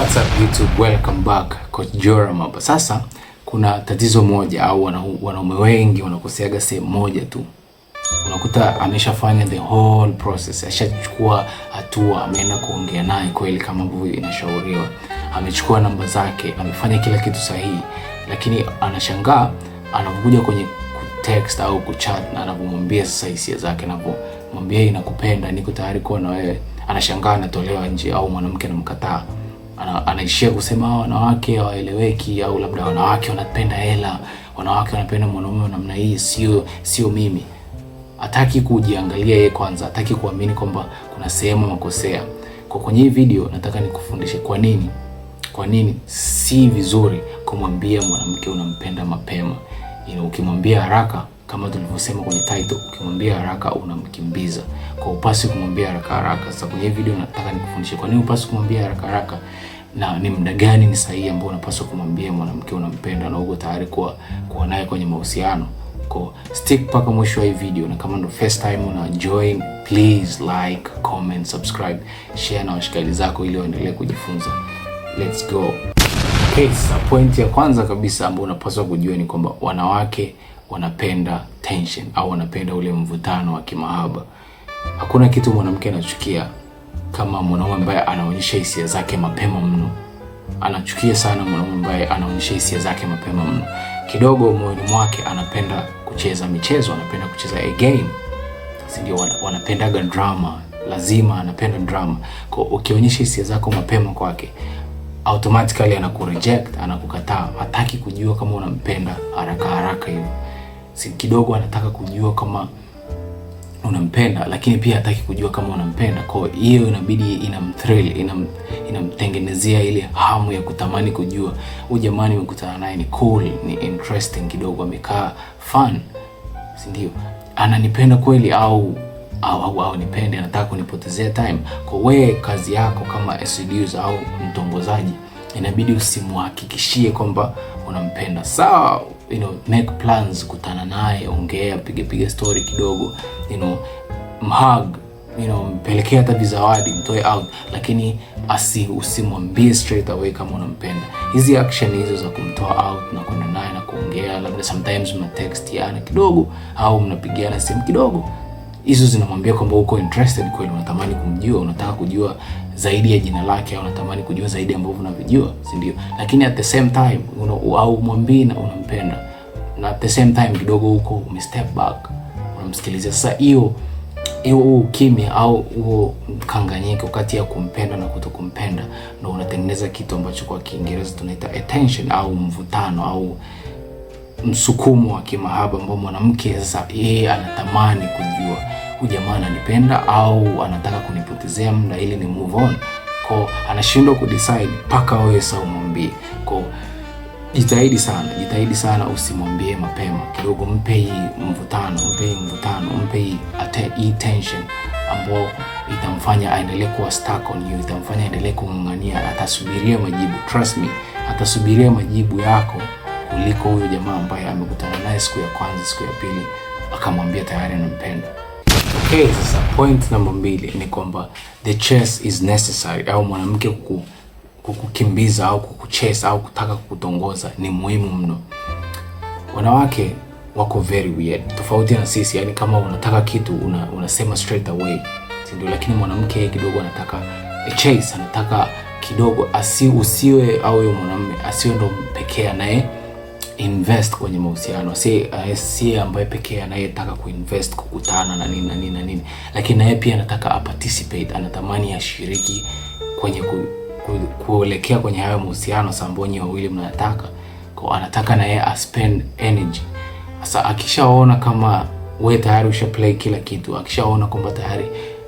What's up YouTube? Welcome back. Coach Joram hapa. Sasa kuna tatizo moja au wanaume wengi wanakoseaga sehemu moja tu. Unakuta ameshafanya the whole process, ashachukua hatua, ameenda kuongea naye kweli kama ambavyo inashauriwa, amechukua namba zake, amefanya kila kitu sahihi, lakini anashangaa anapokuja kwenye kutext au kuchat na anapomwambia sasa hisia zake, anapomwambia inakupenda, niko tayari kuwa na wewe, anashangaa anatolewa nje au mwanamke anamkataa anaishia kusema wanawake hawaeleweki, au labda wanawake wanapenda hela, wanawake wanapenda mwanaume namna hii, sio sio mimi. Hataki kujiangalia yeye kwanza, hataki kuamini kwamba kuna sehemu makosea. Kwa kwenye hii video nataka nikufundishe kwa nini kwa nini si vizuri kumwambia mwanamke unampenda mapema. Ina ukimwambia haraka kama tulivyosema kwenye title, ukimwambia haraka unamkimbiza kwa upasi kumwambia haraka haraka. Sasa kwenye video nataka nikufundishe kwa nini upasi kumwambia haraka haraka na ni muda gani ni sahihi ambao unapaswa kumwambia mwanamke unampenda na uko tayari kuwa kuwa naye kwenye mahusiano. Kwa stick mpaka mwisho wa hii video, na kama ndo first time una join, please like, comment, subscribe, share na washikaji zako ili waendelee kujifunza. Let's go. Okay, sa point ya kwanza kabisa ambayo unapaswa kujua ni kwamba wanawake wanapenda tension au wanapenda ule mvutano wa kimahaba. Hakuna kitu mwanamke anachukia kama mwanaume ambaye anaonyesha hisia zake mapema mno. Anachukia sana mwanaume ambaye anaonyesha hisia zake mapema mno. Kidogo moyoni mwake anapenda kucheza michezo, anapenda kucheza a game, si ndio? Wanapendaga drama, lazima anapenda drama. Kwa ukionyesha hisia zako mapema kwake, automatically anakureject, anakukataa, hataki kujua kama unampenda haraka haraka hivyo kidogo anataka kujua kama unampenda, lakini pia hataki kujua kama unampenda. Kwa hiyo inabidi inamthrill, inam, inamtengenezea ile hamu ya kutamani kujua huyu jamani umekutana naye ni cool, ni interesting kidogo, amekaa fun, si ndio? Ananipenda kweli au au, au, au nipende, anataka kunipotezea time. Kwa we kazi yako kama seduce au mtongozaji, inabidi usimhakikishie kwamba unampenda, sawa? you know, make plans, kutana naye, ongea, piga piga story kidogo, you know, mhug you know, mpelekee hata vizawadi, mtoe out, lakini asi usimwambie straight away kama unampenda. Hizi action hizo za kumtoa out na kwenda naye na kuongea, labda sometimes mna text yana kidogo au mnapigiana simu kidogo hizo zinamwambia kwamba uko interested kweli, unatamani kumjua, unataka kujua zaidi ya jina lake, au unatamani kujua zaidi ambavyo unavyojua, si ndio? Lakini at the same time mwambie na unampenda, na at the same time kidogo huko umestep back, unamsikiliza. Sasa hiyo huo ukimya au huo mkanganyiko kati ya kumpenda na kutokumpenda na unatengeneza kitu ambacho kwa Kiingereza tunaita attention au mvutano au msukumo wa kimahaba ambao mwanamke sasa yeye anatamani kujua huyu jamaa ananipenda au anataka kunipotezea muda ili ni move on, kwa anashindwa kudecide mpaka wewe sasa umwambie. Kwa jitahidi sana, jitahidi sana, usimwambie mapema kidogo, mpe hii mvutano, mpe hii mvutano, mpe hii tension ambao itamfanya aendelee kuwa stuck on you, itamfanya aendelee kung'ang'ania. Atasubiria majibu, trust me, atasubiria majibu yako kuliko huyo jamaa ambaye amekutana naye siku ya kwanza, siku ya pili akamwambia tayari anampenda. Okay, sasa point namba mbili ni kwamba the chase is necessary, au mwanamke kuku kukukimbiza au kukuchase au kutaka kukutongoza ni muhimu mno. Wanawake wako very weird, tofauti na sisi. Yani kama unataka kitu una, unasema straight away, si ndio? Lakini mwanamke kidogo anataka a chase, anataka kidogo asi usiwe au yule mwanamume asiwe ndo pekee anaye invest kwenye mahusiano, si uh, si ambaye pekee anayetaka kuinvest kukutana na nini na nini na nini, lakini naye pia anataka a participate, anatamani ashiriki kwenye ku, ku, kuelekea kwenye hayo mahusiano sambonyi wawili mnataka kwa, anataka naye a spend energy. Sasa akishaona kama we tayari usha play kila kitu, akishaona kwamba tayari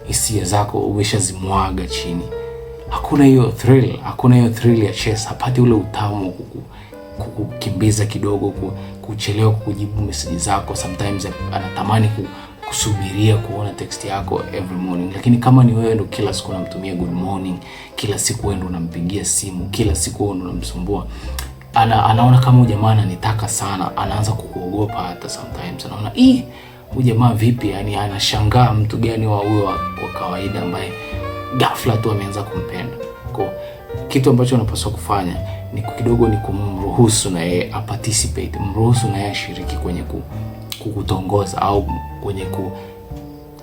hisia zako umeshazimwaga chini, hakuna hiyo thrill, hakuna hiyo thrill ya chess, hapati ule utamu huku kukimbiza kidogo, kuchelewa kujibu message zako. Sometimes anatamani kusubiria kuona text yako every morning, lakini kama ni wewe ndo kila siku unamtumia good morning, kila siku wewe ndo unampigia simu, kila siku wewe ndo unamsumbua ana, anaona kama huyu jamaa ananitaka sana, anaanza kukuogopa. Hata sometimes anaona ii, huyu jamaa vipi? Yani anashangaa mtu gani wa huyo wa, wa kawaida ambaye ghafla tu ameanza kumpenda. Kwa kitu ambacho unapaswa kufanya ni kidogo ni kumruhusu na yeye a participate, mruhusu na yeye ashiriki kwenye kukutongoza au kwenye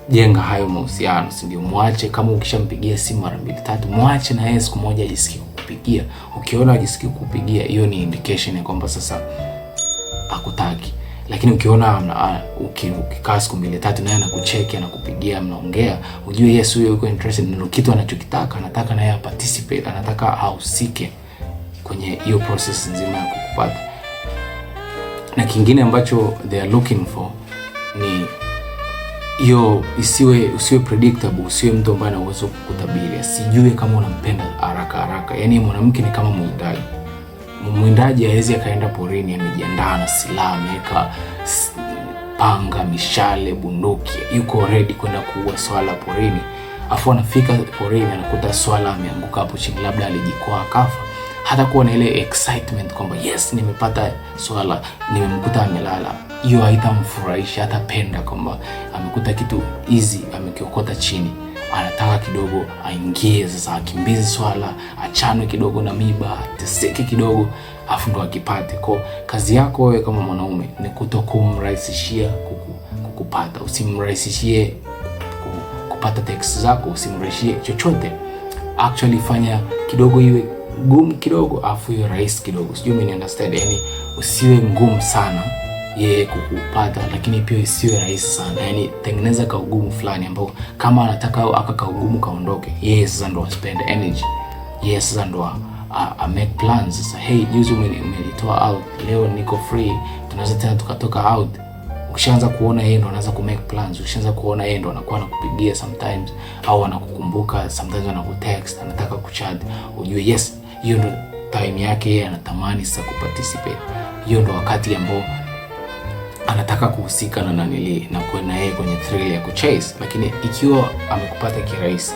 kujenga hayo mahusiano, si ndio? Mwache kama ukishampigia simu mara mbili tatu, mwache na yeye siku moja ajisikie kukupigia. Ukiona ajisikie kukupigia, hiyo ni indication ya kwamba sasa akutaki. Lakini ukiona ukikaa siku mbili tatu naye anakucheki anakupigia, mnaongea, ujue yes, huyo yuko interested, ndio kitu anachokitaka. Anataka naye participate, anataka ahusike kwenye hiyo process nzima ya kukupata. Na kingine ambacho they are looking for ni hiyo isiwe, usiwe predictable, usiwe mtu ambaye ana uwezo kukutabiri, asijue kama unampenda haraka haraka. Yani mwanamke ni kama mwindaji, mwindaji hawezi akaenda porini amejiandaa na silaha, ameweka panga, mishale, bunduki, yuko ready kwenda kuua swala porini, afu anafika porini anakuta swala ameanguka hapo chini, labda alijikwaa akafa hatakuwa na ile excitement kwamba yes, nimepata swala, nimemkuta amelala. Hiyo haitamfurahisha, hatapenda kwamba amekuta kitu hizi amekiokota chini anataka kidogo aingie sasa, akimbize swala, achanwe kidogo na miba, ateseke kidogo, afu ndo akipate. Kwa kazi yako wewe kama mwanaume ni kutokumrahisishia kuku, kukupata. Usimrahisishie kupata teksi zako, usimrahisishie chochote. Actually fanya kidogo iwe gumu kidogo, afu hiyo rahisi kidogo, sijui mimi understand. Yani usiwe ngumu sana yeye kukupata, lakini pia isiwe rahisi sana. Yani tengeneza ka ugumu fulani ambao kama anataka aka ka ugumu kaondoke, yeye sasa ndo spend energy, yeye sasa ndo a, a make plans sasa. Hey, juzi umenitoa out, leo niko free, tunaweza tena tukatoka out. Ukishaanza kuona yeye ndo anaanza ku make plans, ukishaanza kuona yeye ndo anakuwa anakupigia sometimes, au anakukumbuka sometimes, anakutext, anataka kuchat, ujue yes hiyo ndo time yake yeye anatamani sasa kuparticipate. Hiyo ndo wakati ambao anataka kuhusika na nanili na kuenda yeye kwenye thrill ya kuchase, lakini ikiwa amekupata kirahisi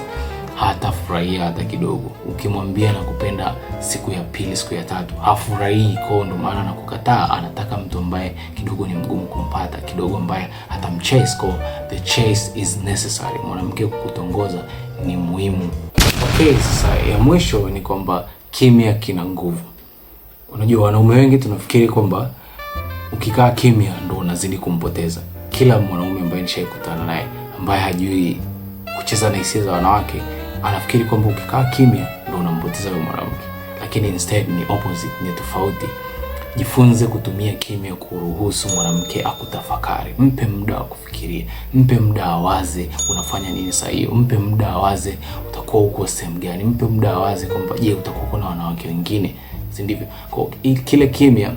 furahia hata kidogo. Ukimwambia nakupenda, siku ya pili, siku ya tatu afurahii Kwao ndo maana anakukataa. Anataka mtu ambaye kidogo ni mgumu kumpata, kidogo ambaye hatamchase. Kwao the chase is necessary. Mwanamke kukutongoza ni muhimu. Okay, sasa ya mwisho ni kwamba kimya kina nguvu. Unajua, wanaume wengi tunafikiri kwamba ukikaa kimya ndo unazidi kumpoteza. Kila mwanaume ambaye nishaikutana naye ambaye hajui kucheza na hisia za wanawake anafikiri kwamba ukikaa kimya ndo unampoteza yule mwanamke, lakini instead ni opposite, ni tofauti. Jifunze kutumia kimya, kuruhusu mwanamke akutafakari. Mpe muda wa kufikiria, mpe muda awaze unafanya nini sahihi, mpe muda awaze kwa uko sehemu gani, mpe muda wazi kwamba je, utakuwa kuna wanawake wengine, si ndivyo? Kwa kile kimya,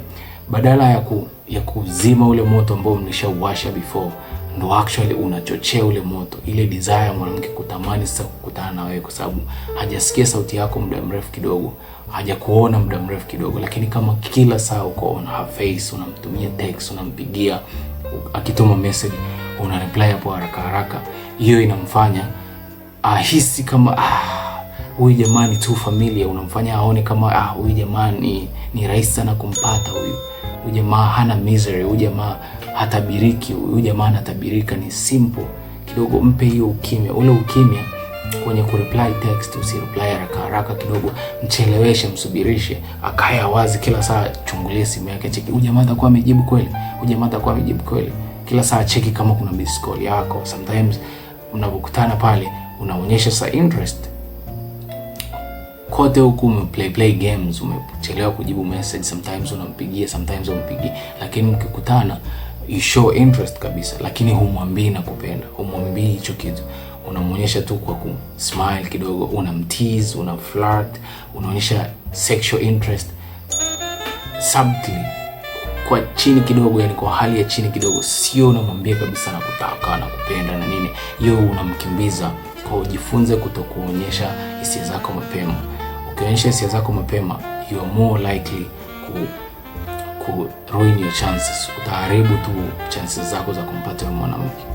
badala ya ku, ya kuzima ule moto ambao mlishauwasha before, ndo actually unachochea ule moto, ile desire ya mwanamke kutamani sasa kukutana na wewe, kwa sababu hajasikia sauti yako muda mrefu kidogo, hajakuona muda mrefu kidogo. Lakini kama kila saa uko on her face, unamtumia text, unampigia, akituma message una reply hapo haraka haraka, hiyo inamfanya ahisi kama ah, huyu ah, jamani tu familia unamfanya aone kama ah, huyu ah, jamani ni rahisi sana kumpata huyu huyu jamaa hana misery, huyu jamaa hatabiriki, huyu jamaa anatabirika, ni simple kidogo. Mpe hiyo ukimya, ule ukimya kwenye kureply text, usireply haraka haraka, kidogo mcheleweshe, msubirishe, akaya wazi kila saa, chungulie simu yake, cheki huyu jamaa atakuwa amejibu kweli, huyu jamaa atakuwa amejibu kweli, kila saa cheki kama kuna miss call yako. Sometimes mnapokutana pale unaonyesha sa interest kote huku, umeplay play games, umechelewa kujibu message, sometimes unampigia, sometimes umpigi, lakini mkikutana you show interest kabisa, lakini humwambii na kupenda, humwambii hicho kitu, unamwonyesha tu kwa ku smile kidogo, unamtease, una flirt, unaonyesha sexual interest subtly kwa chini kidogo, yani kwa hali ya chini kidogo, sio unamwambia kabisa na kutaka na kupenda na nini, hiyo unamkimbiza kwa ujifunze kutokuonyesha hisia zako mapema. Ukionyesha hisia zako mapema, you are more likely ku, ku ruin your chances. Utaharibu tu chances zako za kumpata mwanamke.